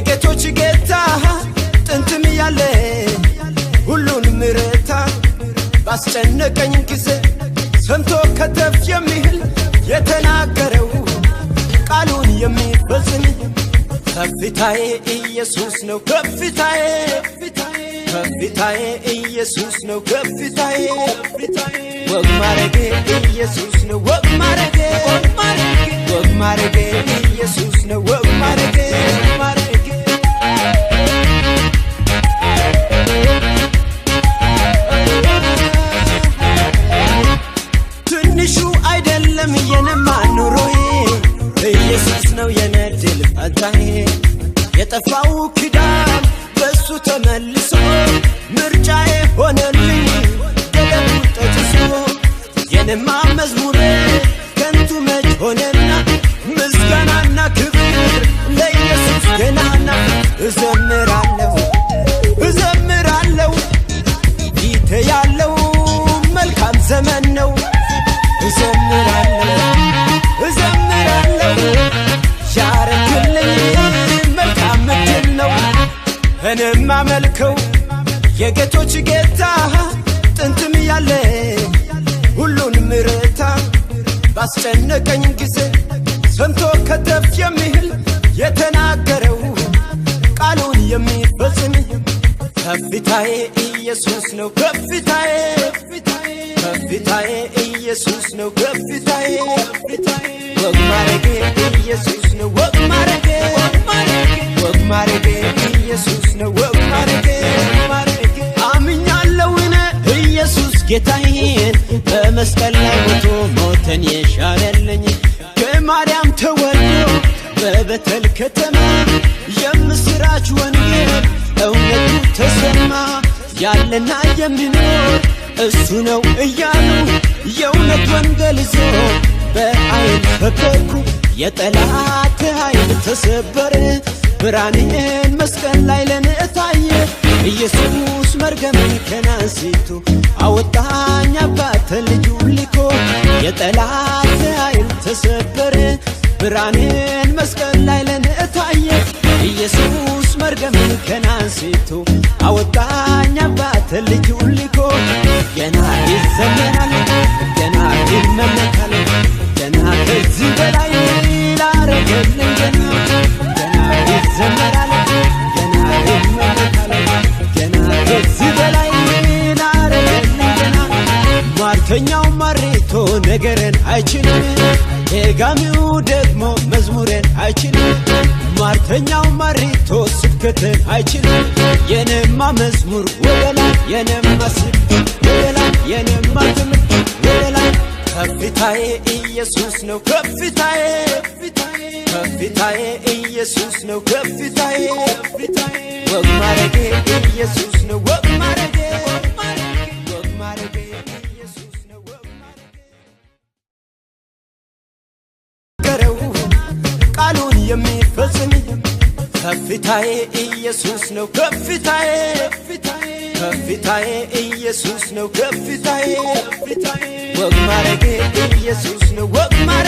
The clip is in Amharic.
የጌቶች ጌታ ጥንትም ያለ ሁሉንም ረታ ባስጨነቀኝ ጊዜ ሰምቶ ከተፍ የሚል የተናገረው ቃሉን የሚፈጽም ከፍታዬ ኢየሱስ ነው። ከፍታዬ ከፍታዬ ኢየሱስ ነው። ከፍታዬ ወግ ማረጌ ኢየሱስ ትንሹ አይደለም የነማ ኑሮዬ በኢየሱስ ነው የነድል ፈንታዬ የጠፋው ኪዳን በሱ ተመልሶ ምርጫዬ ሆነልኝ ደሙ ጠጭሶ የነማ መዝሙሬ ከንቱ መች ሆነና ምስጋናና ክብር ለኢየሱስ ገናና እዘምራለሁ እኔም አመልከው የጌቶች ጌታ ጥንትም ያለ ሁሉን ምረታ ባስጨነቀኝ ጊዜ ሰምቶ ከተፍ የሚል የተናገረው ቃሉን የሚፈጽም ከፍታዬ ኢየሱስ ነው ከፍታዬ ከፍታዬ ኢየሱስ ነው ከፍታዬ ወግ ማረጌ ኢየሱስ ነው ወግ ማረጌ ወግ ማረጌ ኢየሱስ ጌታዬን በመስቀል ላይ ሞቶ ሞተን የሻረልኝ ከማርያም ተወልዶ በበተል ከተማ የምስራች ወንጌል እውነቱ ተሰማ ያለና የሚኖር እሱ ነው እያሉ የእውነት ወንጌል ይዞ በአይን ፈከኩ የጠላት ኃይል ተሰበረ ብርሃኔን መስቀል ላይ ለንእታይ ተሰበረ ብርሃንን መስቀል ላይ ለንእታየ ኢየሱስ መርገምን ከናንሲቱ አወጣኝ አባት ልጁን ልኮ ገና ይዘመናል ገና ይመለካል ገና ከዚህ በላይ ላረገልን ገና ገና ይዘመራል ገና ይመለካል ገና ከዚህ በላይ ላረገልን ገና ማርተኛው ማሬቶ ነገረን አይችልም ደጋሚው ደግሞ መዝሙሬን አይችልም፣ ማርተኛው ማሪቶ ስብከትን አይችልም። የኔማ መዝሙር ወደ ላይ የኔማ ስብከት ወደ ላይ የኔማ ትምህርት ወደ ከፍታዬ ኢየሱስ ነው ከፍታዬ ከፍታዬ ኢየሱስ ነው ከፍታዬ ወግ ኢየሱስ የሚፈጽም ከፍታዬ ኢየሱስ ነው ከፍታዬ ከፍታዬ ኢየሱስ ነው ከፍታዬ ወግ ማረጌ ኢየሱስ ነው ወግ ማ